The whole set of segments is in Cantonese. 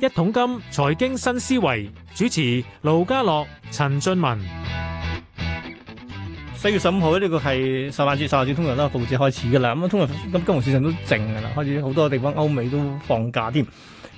一桶金財經新思維，主持盧家樂、陳俊文。四月十五號，呢個係十萬節、十萬節通常都啦，報紙開始噶啦。咁通常咁金融市場都靜噶啦，開始好多地方歐美都放假添。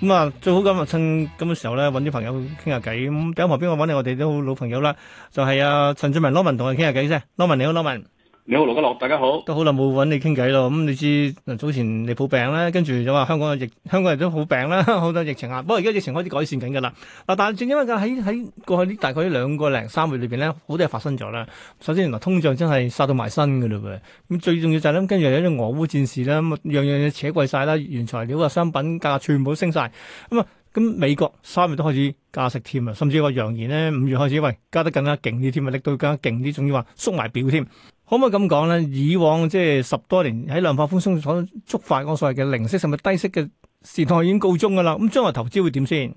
咁啊，最好今日趁咁嘅時候咧，揾啲朋友傾下偈。咁、嗯、喺旁邊我揾你，我哋都好老朋友啦。就係、是、啊，陳俊文，羅文同佢傾下偈先。羅文你好，羅文。你好，羅家樂，大家好。都好耐冇揾你傾偈咯。咁你知嗱，早前你抱病啦，跟住就話香港嘅疫，香港人都好病啦，好多疫情壓。不過而家疫情開始改善緊噶啦嗱，但係正因為喺喺過去呢大概兩個零三月裏邊咧，好多嘢發生咗啦。首先，原來通脹真係殺到埋身噶嘞噃。咁最重要就係咧，跟住有啲俄烏戰事啦，咁樣樣嘢扯貴晒啦，原材料啊、商品價全部升晒咁啊。咁美國三月都開始加息添啊，甚至話揚言呢，五月開始喂加得更加勁啲添啊，力度更加勁啲，仲要話縮埋表添。可唔可以咁講咧？以往即係十多年喺量化寬鬆所觸發嗰所謂嘅零息甚至低息嘅時代已經告終噶啦。咁將來投資會點先？誒、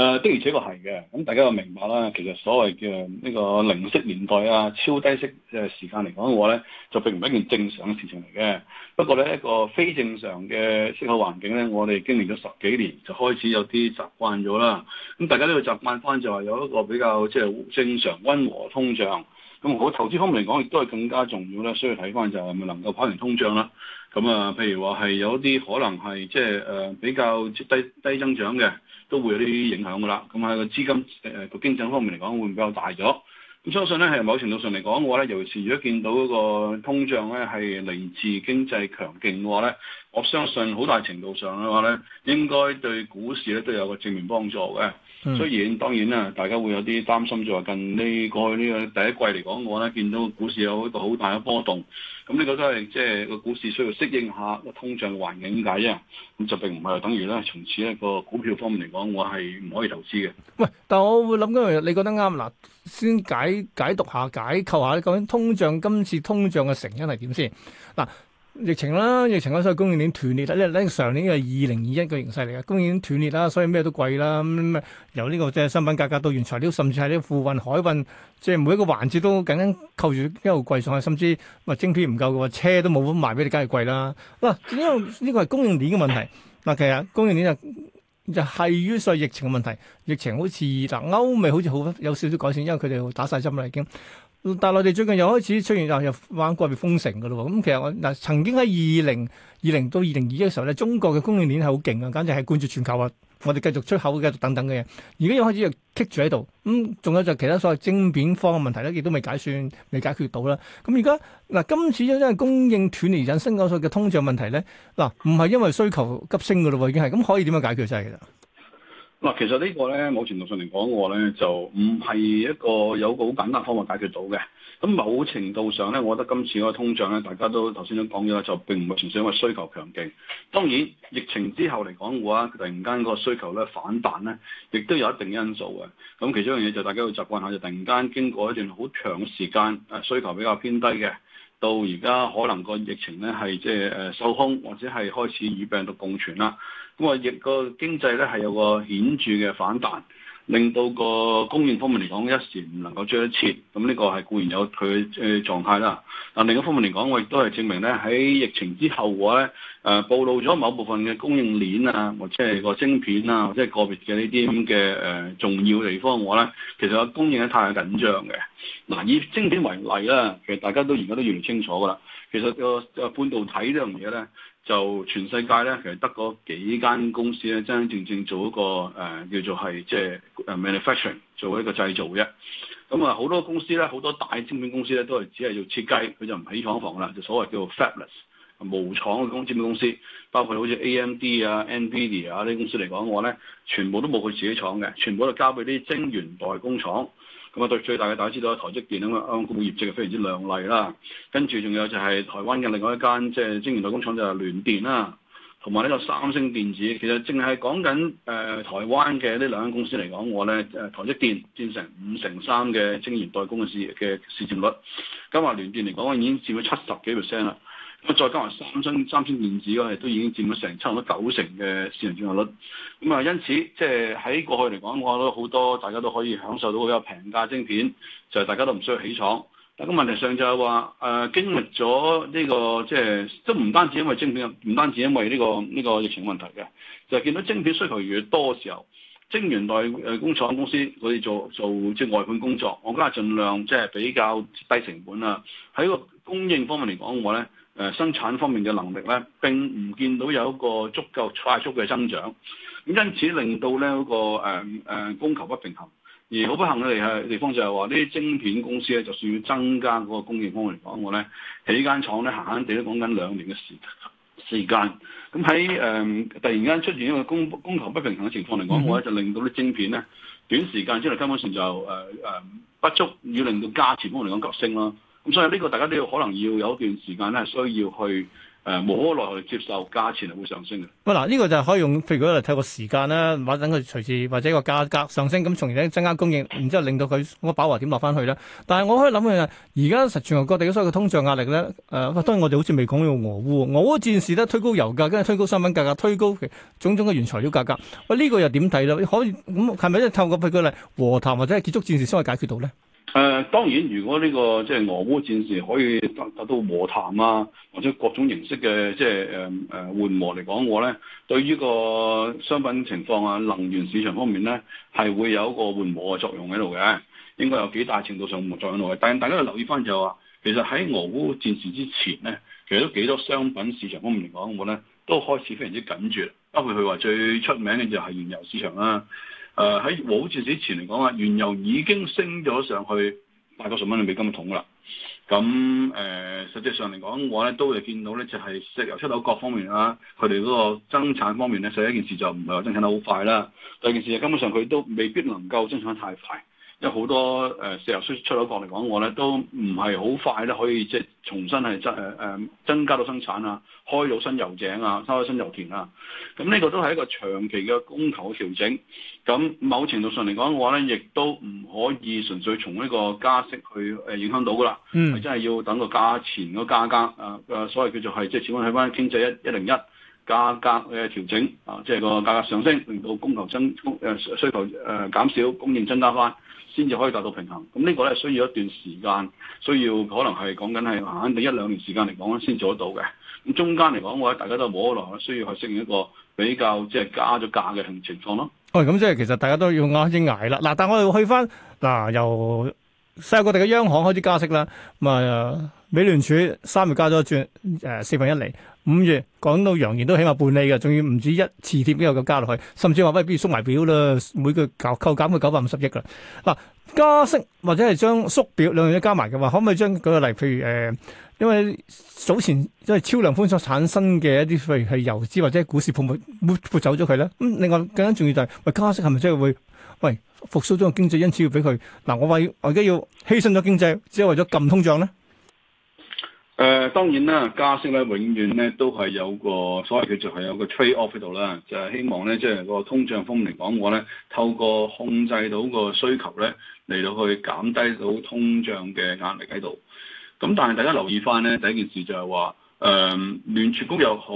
呃，的而且確係嘅。咁大家又明白啦。其實所謂嘅呢個零息年代啊、超低息嘅時間嚟講嘅話咧，就並唔係一件正常嘅事情嚟嘅。不過咧，一個非正常嘅息口環境咧，我哋經歷咗十幾年就開始有啲習慣咗啦。咁大家都要習慣翻，就係有一個比較即係正常溫和通脹。咁我投資方面嚟講，亦都係更加重要啦。需要睇翻就係咪能夠跑贏通脹啦？咁啊，譬如話係有一啲可能係即係誒比較即低低增長嘅，都會有啲影響㗎啦。咁喺個資金誒個，呃、經濟方面嚟講會比較大咗。咁相信咧係某程度上嚟講嘅話咧，尤其是如果見到嗰個通脹咧係嚟自經濟強勁嘅話咧。我相信好大程度上嘅話咧，應該對股市咧都有個正面幫助嘅。嗯、雖然當然咧，大家會有啲擔心，就話、是、近呢過去呢個第一季嚟講我話咧，見到股市有一個好大嘅波動。咁你覺得係、就是、即係個股市需要適應下個通脹嘅環境解啊。咁就並唔係等於咧，從此一個股票方面嚟講，我係唔可以投資嘅。喂，但係我會諗緊，你覺得啱嗱？先解解讀下、解構下咧，究竟通脹今次通脹嘅成因係點先嗱？疫情啦，疫情咧，所以供應鏈斷裂啦。你睇上年嘅二零二一嘅形勢嚟嘅，供應鏈斷裂啦，所以咩都貴啦。咁由呢個即係商品價格到原材料，甚至係啲貨運、海運，即係每一個環節都緊緊扣住一路貴上去，甚至晶片唔夠嘅話，話車都冇賣俾你，梗係貴啦。嗱、啊，因為呢個係供應鏈嘅問題。嗱，其實供應鏈就係、就係、係、於所以疫情嘅問題。疫情好似嗱歐美好似好有少少改善，因為佢哋打晒針啦已經了了。大內地最近又開始出現又、啊、又玩個別封城嘅咯，咁、嗯、其實我嗱、啊、曾經喺二零二零到二零二一嘅時候咧，中國嘅供應鏈係好勁啊，簡直係貫住全球啊，我哋繼續出口，繼續等等嘅嘢。而家又開始又棘住喺度，咁、嗯、仲有就其他所謂晶片方嘅問題咧，亦都未解算，未解決到啦。咁而家嗱，今次因為供應斷而引升嗰個嘅通脹問題咧，嗱唔係因為需求急升嘅咯喎，已經係咁可以點樣解決嘅啫？其實嗱，其實呢個呢，某程度上嚟講，我呢就唔係一個有個好簡單方法解決到嘅。咁某程度上呢，我覺得今次個通脹呢，大家都頭先都講咗，就並唔係純粹因為需求強勁。當然，疫情之後嚟講嘅話，突然間個需求咧反彈呢，亦都有一定因素嘅。咁，其中一樣嘢就大家要習慣下，就突然間經過一段好長時間，誒、啊、需求比較偏低嘅。到而家可能個疫情咧係即係誒受控，或者係開始與病毒共存啦。咁啊，亦個經濟咧係有個顯著嘅反彈。令到個供應方面嚟講，一時唔能夠追得切，咁呢個係固然有佢嘅狀態啦。但另一方面嚟講，我亦都係證明咧，喺疫情之後嘅話咧，誒暴、呃、露咗某部分嘅供應鏈啊，或者係個晶片啊，或者係個別嘅呢啲咁嘅誒重要地方，我咧其實個供應係太緊張嘅。嗱、呃，以晶片為例啦，其實大家都而家都越嚟越清楚噶啦。其實個半導體呢樣嘢咧。就全世界咧，其實得嗰幾間公司咧，真真正正做一個誒、呃、叫做係即係誒 manufacturing，做一個製造啫。咁、嗯、啊，好、嗯、多公司咧，好多大晶片公司咧，都係只係做設計，佢就唔起廠房啦，就所謂叫做 Fabless。無廠嘅工資公司，包括好似 AMD 啊、NVIDIA 啊呢啲公司嚟講我呢，我咧全部都冇佢自己的廠嘅，全部都交俾啲晶圓代工廠。咁啊，對最大嘅大家知道，台積電咁啊，股業績係非常之亮麗啦。跟住仲有就係台灣嘅另外一間即係晶圓代工廠，大大工就係、就是、聯電啦、啊，同埋呢個三星電子。其實淨係講緊誒台灣嘅呢兩間公司嚟講我呢，我咧誒台積電佔成五成三嘅晶圓代工嘅市嘅市佔率，咁啊聯電嚟講，已經佔咗七十幾 percent 啦。再加埋三星三星電子都已經佔咗成差唔多九成嘅市場佔有率。咁啊，因此即係喺過去嚟講嘅話，都好多大家都可以享受到比較平價晶片，就係大家都唔需要起廠。但係個問題上就係話誒，經歷咗呢個即係都唔單止因為晶片，唔單止因為呢個呢個疫情問題嘅，就係見到晶片需求越多嘅時候，晶圓代工廠公司佢哋做做啲外判工作，我今日盡量即係比較低成本啦。喺個供應方面嚟講，我咧。誒、呃、生產方面嘅能力咧，並唔見到有一個足夠快速嘅增長，咁因此令到咧嗰個誒、呃呃、供求不平衡，而好不幸嘅地係地方就係話，呢啲晶片公司咧，就算要增加嗰個供應方面嚟講，我咧喺間廠咧，閒閒地都講緊兩年嘅時時間，咁喺誒突然間出現一個供供求不平衡嘅情況嚟講，我咧就令到啲晶片咧短時間之內根本上就誒誒、呃呃、不足，要令到價錢方面嚟講急升咯。咁所以呢個大家都要可能要有一段時間咧，需要去誒、呃，無可奈何接受價錢係會上升嘅。喂、嗯，嗱，呢個就係可以用譬如舉例睇個時間啦，或者等佢隨時或者個價格上升，咁從而咧增加供應，然之後令到佢嗰、那個飽和點落翻去咧。但係我可以諗嘅而家實全球各地所有嘅通脹壓力咧。誒、呃，當然我哋好似未講到俄烏，俄烏戰事咧推高油價，跟住推高商品價格，推高其種種嘅原材料價格。喂、呃，呢、這個又點睇咧？可以咁係咪一係透過譬如舉例和談或者係結束戰事先可以解決到咧？誒、呃、當然，如果呢、這個即係、就是、俄烏戰事可以得得到和談啊，或者各種形式嘅即係誒誒緩和嚟講，呃呃、我咧對呢個商品情況啊、能源市場方面咧，係會有一個緩和嘅作用喺度嘅。應該有幾大程度上緩和作用喺度。嘅。但係大家要留意翻就係、是、話，其實喺俄烏戰事之前咧，其實都幾多商品市場方面嚟講，我咧都開始非常之緊張。包括佢話最出名嘅就係原油市場啦、啊。誒，喺好似之前嚟講啊，原油已經升咗上去八九十蚊嘅美金一桶啦。咁、嗯、誒、呃，實際上嚟講，我咧都係見到咧，就係石油出口各方面啊，佢哋嗰個增產方面咧，第一件事就唔係話增產得好快啦，第二件事就根本上佢都未必能夠增產得太快。即係好多誒石油出出口國嚟講，我咧都唔係好快咧可以即係重新係增誒誒增加到生產啊，開到新油井啊，收開新油田啊。咁呢個都係一個長期嘅供求調整。咁某程度上嚟講嘅話咧，亦都唔可以純粹從呢個加息去誒影響到噶啦。嗯，係真係要等個價錢嗰個價格啊嘅所謂叫做係即係，始終睇返經濟一一零一。價格嘅調整啊，即係個價格上升，令到供求增供誒需求誒減少，供應增加翻，先至可以達到平衡。咁、嗯、呢、這個咧需要一段時間，需要可能係講緊係肯定一兩年時間嚟講先做得到嘅。咁、嗯、中間嚟講，我覺得大家都冇可能需要去適應一個比較即係加咗價嘅情況咯。哦、哎、咁、嗯、即係其實大家都要開始捱啦。嗱，但係我哋去翻嗱，由世界各地嘅央行開始加息啦。咁、嗯、啊～、呃美聯儲三月加咗轉誒、呃、四分一釐，五月講到揚言都起碼半厘嘅，仲要唔止一次貼都有個加落去，甚至話喂，不如縮埋表啦，每個扣扣減去九百五十億啦。嗱，加息或者係將縮表兩樣嘢加埋嘅話，可唔可以將舉個例，譬如誒、呃，因為早前因為超量寬鬆產生嘅一啲譬如係油資或者係股市泡沫撥走咗佢咧？咁另外更加重要就係、是、喂，加息係咪真係會喂復甦咗個經濟？因此要俾佢嗱，我為我而家要犧牲咗經濟，只係為咗撳通脹咧？誒、呃、當然啦，加息咧永遠咧都係有個，所謂嘅，就係有個 trade off 喺度啦，就係、是、希望咧即係個通脹風嚟講我咧，透過控制到個需求咧嚟到去減低到通脹嘅壓力喺度。咁但係大家留意翻咧第一件事就係話，誒、呃、聯儲局又好，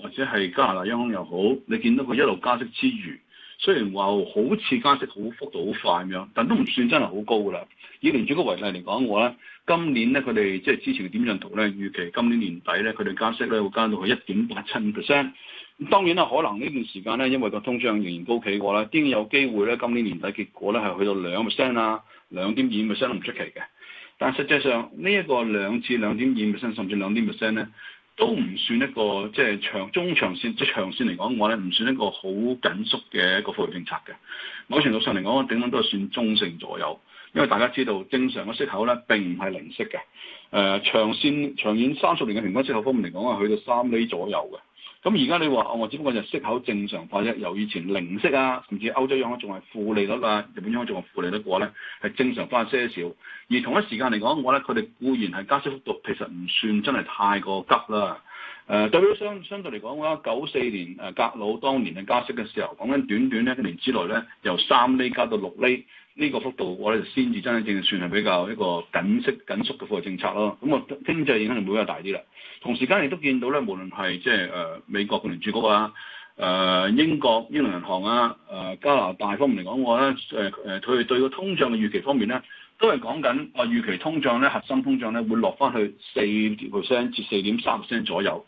或者係加拿大央行又好，你見到佢一路加息之餘。雖然話好似加息好幅度好快咁樣，但都唔算真係好高啦。以聯儲局為例嚟講嘅話咧，今年咧佢哋即係之前嘅點陣圖咧，預期今年年底咧佢哋加息咧會加到去一點八七五 percent。咁當然啦，可能呢段時間咧，因為個通脹仍然高企嘅話咧，當然有機會咧今年年底結果咧係去到兩 percent 啊，兩點二 percent 都唔出奇嘅。但實際上呢一個兩次兩點二 percent 甚至兩點 percent 咧。呢都唔算一個即係長中長線即係長線嚟講嘅話咧，唔算一個好緊縮嘅一個貨幣政策嘅。某程度上嚟講，頂多都係算中性左右。因為大家知道正常嘅息口咧並唔係零息嘅。誒、呃、長線長遠三十年嘅平均息口方面嚟講啊，係去到三厘左右嘅。咁而家你話，我只不過就息口正常化啫。由以前零息啊，甚至歐洲央行仲係負利率啊，日本央行仲係負利率嘅話咧，係正常翻些少。而同一時間嚟講，我覺得佢哋固然係加息幅度其實唔算真係太過急啦。誒、呃，對於相相對嚟講嘅話，九四年誒格老當年嘅加息嘅時候，講緊短短一年之內咧，由三厘加到六厘。呢個幅度我哋先至真正算係比較一個緊縮緊縮嘅貨幣政策咯。咁、嗯、啊，經濟影響力會比較大啲啦。同時間亦都見到咧，無論係即係誒美國聯儲局啊、誒、呃、英國英倫銀行啊、誒、呃、加拿大方面嚟講，我咧誒誒佢哋對個通脹嘅預期方面咧，都係講緊話預期通脹咧核心通脹咧會落翻去四點 percent 至四點三 percent 左右，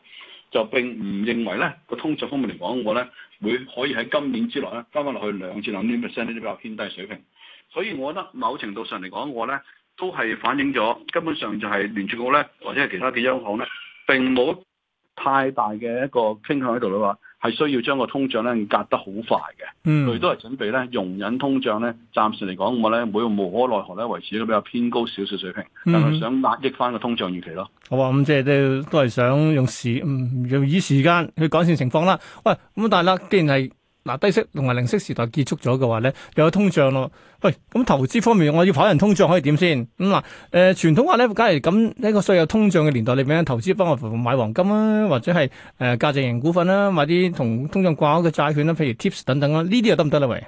就並唔認為咧個通脹方面嚟講，我咧會可以喺今年之內咧翻翻落去兩至兩點 percent 呢啲比較偏低水平。所以，我覺得某程度上嚟講，我咧都係反映咗根本上就係聯儲局咧，或者係其他嘅央行咧，並冇太大嘅一個傾向喺度啦。話係需要將個通脹咧隔得好快嘅。嗯，佢都係準備咧容忍通脹咧，暫時嚟講我咧每個無可奈何咧維持一個比較偏高少少水平，但係想壓抑翻個通脹預期咯。嗯、好啊，咁即係都都係想用時用、嗯、以時間去改善情況啦。喂，咁但係咧，既然係嗱，低息同埋零息時代結束咗嘅話咧，又有，有通脹咯。喂、哎，咁投資方面，我要跑贏通脹可以點先？咁、嗯、嗱，誒，傳、呃、統話咧，梗係咁呢個所有通脹嘅年代裏邊，投資不妨買黃金啦、啊，或者係誒價值型股份啦、啊，買啲同通脹掛鈎嘅債券啦、啊，譬如 tips 等等啦、啊，呢啲又得唔得咧？喂？誒、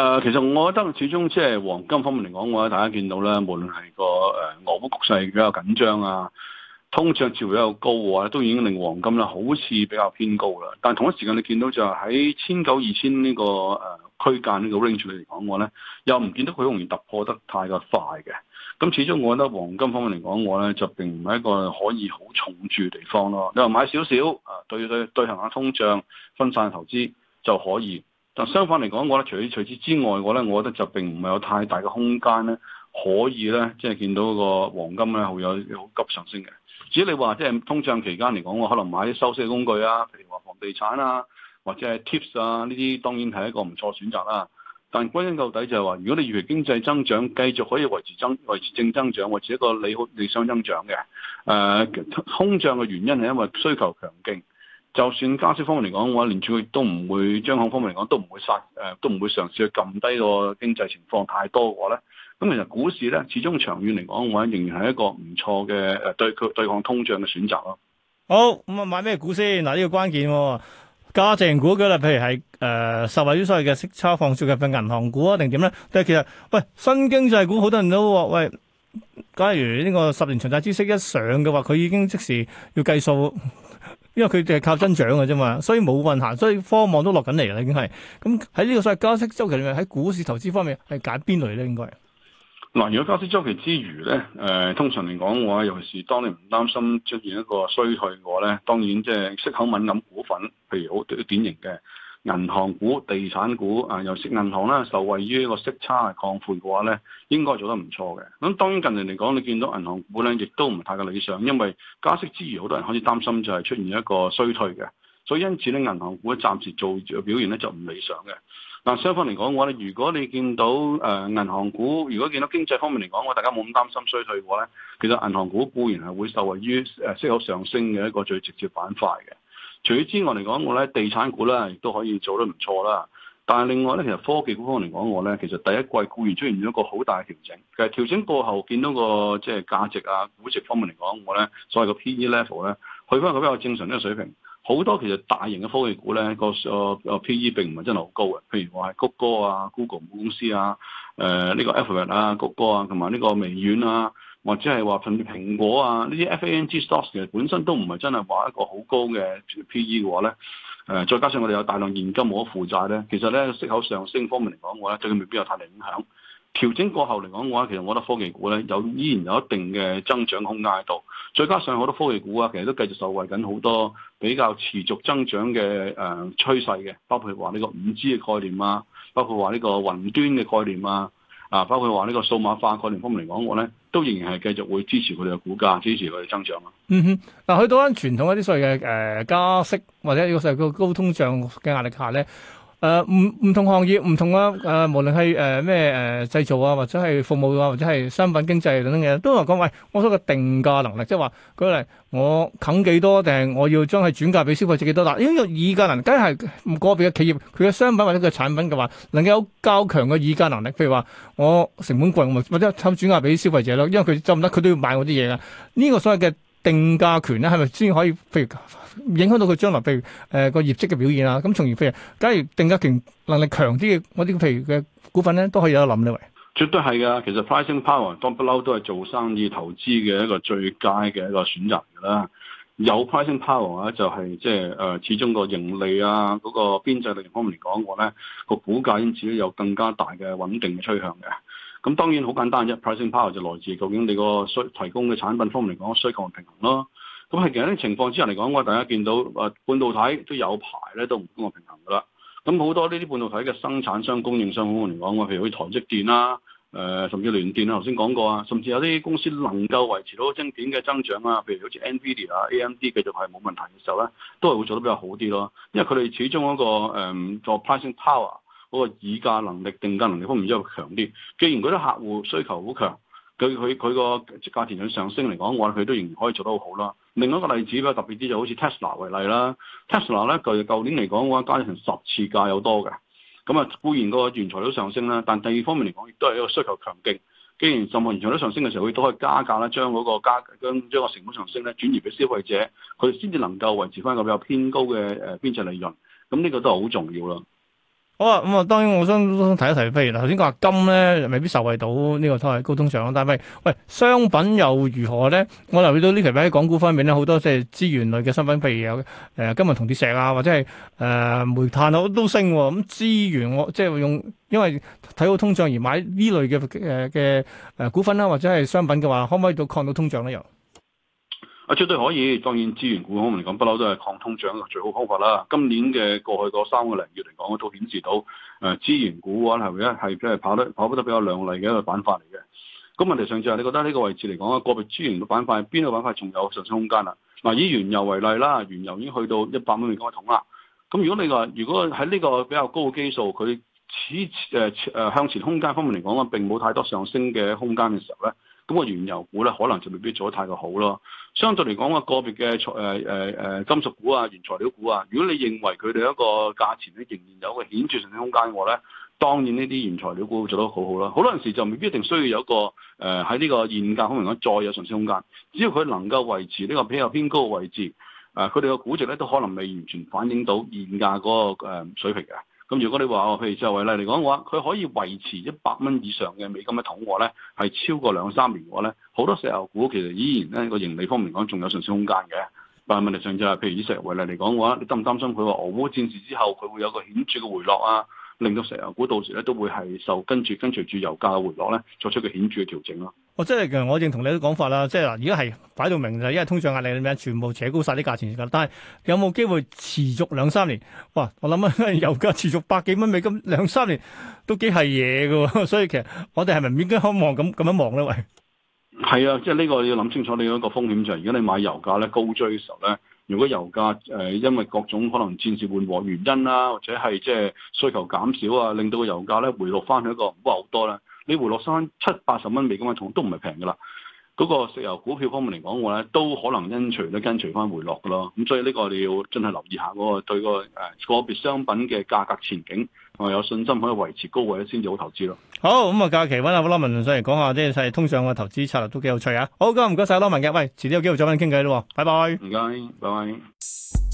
呃，其實我覺得始終即係黃金方面嚟講嘅話，大家見到咧，無論係個誒俄烏局勢比較緊張啊。通脹潮又高喎，都已經令黃金咧好似比較偏高啦。但同一時間你見到就喺千九二千呢個誒區間呢個 range 嚟講嘅話咧，又唔見得佢容易突破得太過快嘅。咁始終我覺得黃金方面嚟講我咧，就並唔係一個可以好重注地方咯。你話買少少啊，對對對抗下通脹分散投資就可以。但相反嚟講，我咧除咗除此之、之外，我咧，我覺得就並唔係有太大嘅空間咧，可以咧，即係見到個黃金咧，好有有急上升嘅。只要你話即係通脹期間嚟講，我可能買啲收息工具啊，譬如話房地產啊，或者係 tips 啊，呢啲當然係一個唔錯選擇啦、啊。但歸根究底就係話，如果你預期經濟增長繼續可以維持增、維持正增長，維持一個利好、理想增長嘅，誒、呃、通脹嘅原因係因為需求強勁。就算加息方面嚟講，我連住佢都唔會將控方面嚟講都唔會殺，誒、呃、都唔會嘗試去撳低個經濟情況太多嘅話咧。咁其實股市咧，始終長遠嚟講，嘅話我諗仍然係一個唔錯嘅誒，對佢對抗通脹嘅選擇咯。好，咁啊買咩股先？嗱，呢個關鍵、啊，價值股嘅啦，譬如係誒、呃、受惠於所謂嘅息差放入嘅銀行股啊，定點咧？但係其實，喂，新經濟股好多人都話，喂，假如呢個十年長債孳息一上嘅話，佢已經即時要計數，因為佢哋係靠增長嘅啫嘛，所以冇運行，所以科網都落緊嚟啦，已經係。咁喺呢個所謂加息周期裏面，喺股市投資方面係揀邊類咧？應該？嗱，如果加息周期之餘咧，誒、呃、通常嚟講嘅話，尤其是當你唔擔心出現一個衰退嘅話咧，當然即係息口敏感股份，譬如好典型嘅銀行股、地產股啊，又息銀行啦，受惠於一個息差擴闊嘅話咧，應該做得唔錯嘅。咁當然近年嚟講，你見到銀行股咧，亦都唔係太過理想，因為加息之餘，好多人開始擔心就係出現一個衰退嘅，所以因此咧，銀行股暫時做表現咧就唔理想嘅。嗱，雙方嚟講我哋如果你見到誒、呃、銀行股，如果見到經濟方面嚟講，我大家冇咁擔心衰退嘅話咧，其實銀行股固然係會受惠於誒息口上升嘅一個最直接板塊嘅。除此之外嚟講，我咧地產股咧亦都可以做得唔錯啦。但係另外咧，其實科技股方面嚟講，我咧其實第一季固然出現咗一個好大嘅調整，其實調整過後見到、那個即係、就是、價值啊、估值方面嚟講，我咧所謂個 P E level 咧，去翻個比較正常嘅水平。好多其實大型嘅科技股咧，嗰個個個 P E 並唔係真係好高嘅。譬如話係谷歌啊、Google 公司啊、誒、呃、呢、這個 Alphabet 啊、谷歌啊，同埋呢個微軟啊，或者係話甚至蘋果啊，呢啲 F A N G stocks 其實本身都唔係真係話一個好高嘅 P E 嘅話咧。誒、呃，再加上我哋有大量現金冇得負債咧，其實咧息口上升方面嚟講嘅話咧，對佢未必有太大影響。調整過後嚟講嘅話，其實我覺得科技股咧有依然有一定嘅增長空間喺度，再加上好多科技股啊，其實都繼續受惠緊好多比較持續增長嘅誒、呃、趨勢嘅，包括話呢個五 G 嘅概念啊，包括話呢個雲端嘅概念啊，啊，包括話呢個數碼化概念方面嚟講，我咧都仍然係繼續會支持佢哋嘅股價，支持佢哋增長啊。嗯哼，嗱去到翻傳統一啲所謂嘅誒、呃、加息或者呢個所謂嘅高通脹嘅壓力下咧。誒唔唔同行業唔同啊！誒、呃、無論係誒咩誒製造啊，或者係服務啊，或者係商品經濟等等嘢，都話講喂，我嗰個定價能力，即係話舉例，我肯幾多定，我要將佢轉嫁俾消費者幾多啦？呢、哎、因為議價能力梗係唔個別嘅企業，佢嘅商品或者佢嘅產品嘅話，能夠有較強嘅議價能力，譬如話我成本貴，我咪或者慘轉嫁俾消費者咯，因為佢執唔得，佢都要買我啲嘢嘅呢個所謂嘅。定價權咧，係咪先可以，譬如影響到佢將來，譬如誒個、呃、業績嘅表現啊？咁從而譬如，假如定價權能力強啲嘅嗰啲，譬如嘅股份咧，都可以有得諗咧，喂。絕對係噶，其實 pricing power 當不嬲都係做生意、投資嘅一個最佳嘅一個選擇啦。有 pricing power 咧、就是，就係即係誒，始終個盈利啊，嗰、那個邊際利方面嚟講嘅話咧，剛剛那個股價因此咧有更加大嘅穩定嘅趨向嘅。咁當然好簡單啫，pricing power 就來自究竟你個需提供嘅產品方面嚟講，需求平衡咯。咁係其實啲情況之下嚟講，我大家見到誒半導體有都有排咧，都唔公平平衡㗎啦。咁好多呢啲半導體嘅生產商、供應商方面嚟講，我譬如好似台積電啦，誒、呃、甚至聯電啦，頭先講過啊，甚至有啲公司能夠維持到晶片嘅增長啊，譬如好似 Nvidia 啊、AMD 繼續係冇問題嘅時候咧，都係會做得比較好啲咯。因為佢哋始終一、嗰個誒、呃、pricing power。嗰個議價能力、定價能力方面，比較強啲。既然嗰啲客戶需求好強，佢佢佢個價錢上升嚟講，我諗佢都仍然可以做得好好啦。另一個例子比較特別啲就好似 Tesla 為例啦。Tesla 咧，佢舊年嚟講嘅話，加成十次價有多嘅。咁啊，固然嗰個原材料上升啦，但第二方面嚟講，亦都係一個需求強勁。既然什麼原材料上升嘅時候，佢都可以加價啦，將嗰個加將將個成本上升咧，轉移俾消費者，佢先至能夠維持翻個比較偏高嘅誒邊際利潤。咁呢個都係好重要啦。好啊，咁、嗯、啊，當然我想，想提一提，譬如頭先講話金咧，未必受惠到呢、這個通高通脹。但係喂，商品又如何咧？我留意到呢期喺港股方面咧，好多即係資源類嘅商品，譬如有誒、呃、金銀銅鐵石啊，或者係誒、呃、煤炭啊都升啊。咁、嗯、資源我、呃、即係用，因為睇到通脹而買呢類嘅誒嘅誒股份啦、啊，或者係商品嘅話，可唔可以都抗到通脹咧？又？啊，絕對可以！當然資源股方面嚟講，不嬲都係抗通脹嘅最好方法啦。今年嘅過去嗰三個零月嚟講，都顯示到誒、呃、資源股可能係一係即係跑得跑得比較靚麗嘅一個板塊嚟嘅。咁問題上次啊，你覺得呢個位置嚟講啊，個別資源嘅板塊邊個板塊仲有上升空間啦？嗱、啊，以原油為例啦，原油已經去到一百蚊美金一桶啦。咁如果你話如果喺呢個比較高嘅基數，佢此前誒、呃呃、向前空間方面嚟講啊，並冇太多上升嘅空間嘅時候咧。咁個原油股咧，可能就未必做得太過好咯。相對嚟講，個個別嘅材誒誒誒金屬股啊、原材料股啊，如果你認為佢哋一個價錢咧仍然有個顯著上升空間嘅話咧，當然呢啲原材料股做得好好啦。好多陣時就未必一定需要有一個誒喺呢個現價可能講，再有上升空間，只要佢能夠維持呢、這個比較偏高嘅位置，誒佢哋嘅估值咧都可能未完全反映到現價嗰個誒水平嘅。咁如果你話譬如石油為例嚟講嘅話，佢可以維持一百蚊以上嘅美金嘅統和咧，係超過兩三年嘅話咧，好多石油股其實依然咧個盈利方面講仲有上升空間嘅。但係問題上就係、是，譬如以石油為例嚟講嘅話，你擔唔擔心佢話俄烏戰事之後，佢會有個顯著嘅回落啊，令到石油股到時咧都會係受跟住跟隨住油價嘅回落咧，作出個顯著嘅調整咯、啊。我、哦、即係其實我認同你啲講法啦，即係嗱，而家係擺到明就係因為通脹壓力嘅咩，全部扯高晒啲價錢噶。但係有冇機會持續兩三年？哇！我諗啊，油價持續百幾蚊美金兩三年都幾係嘢噶。所以其實我哋係咪唔應該渴望咁咁樣望咧？喂，係啊，即係呢個要諗清楚。你、這、嗰個風險就係、是、如果你買油價咧高追嘅時候咧，如果油價誒、呃、因為各種可能戰事緩和原因啦、啊，或者係即係需求減少啊，令到個油價咧回落翻去一個唔係好多咧。你回落三翻七八十蚊美金嘅桶都唔係平噶啦，嗰、嗰個石油股票方面嚟講嘅話咧，都可能跟隨都跟隨翻回落噶咯，咁所以呢個你要真係留意下嗰個對個誒個別商品嘅價格前景，同埋有信心可以維持高位先至好投資咯。好，咁、嗯、啊假期，搵阿俊文上嚟講下即係通脹嘅投資策略都幾有趣啊。好，唔該唔該晒俊文嘅，喂，遲啲有機會再搵你傾偈咯。拜拜。唔該，拜拜。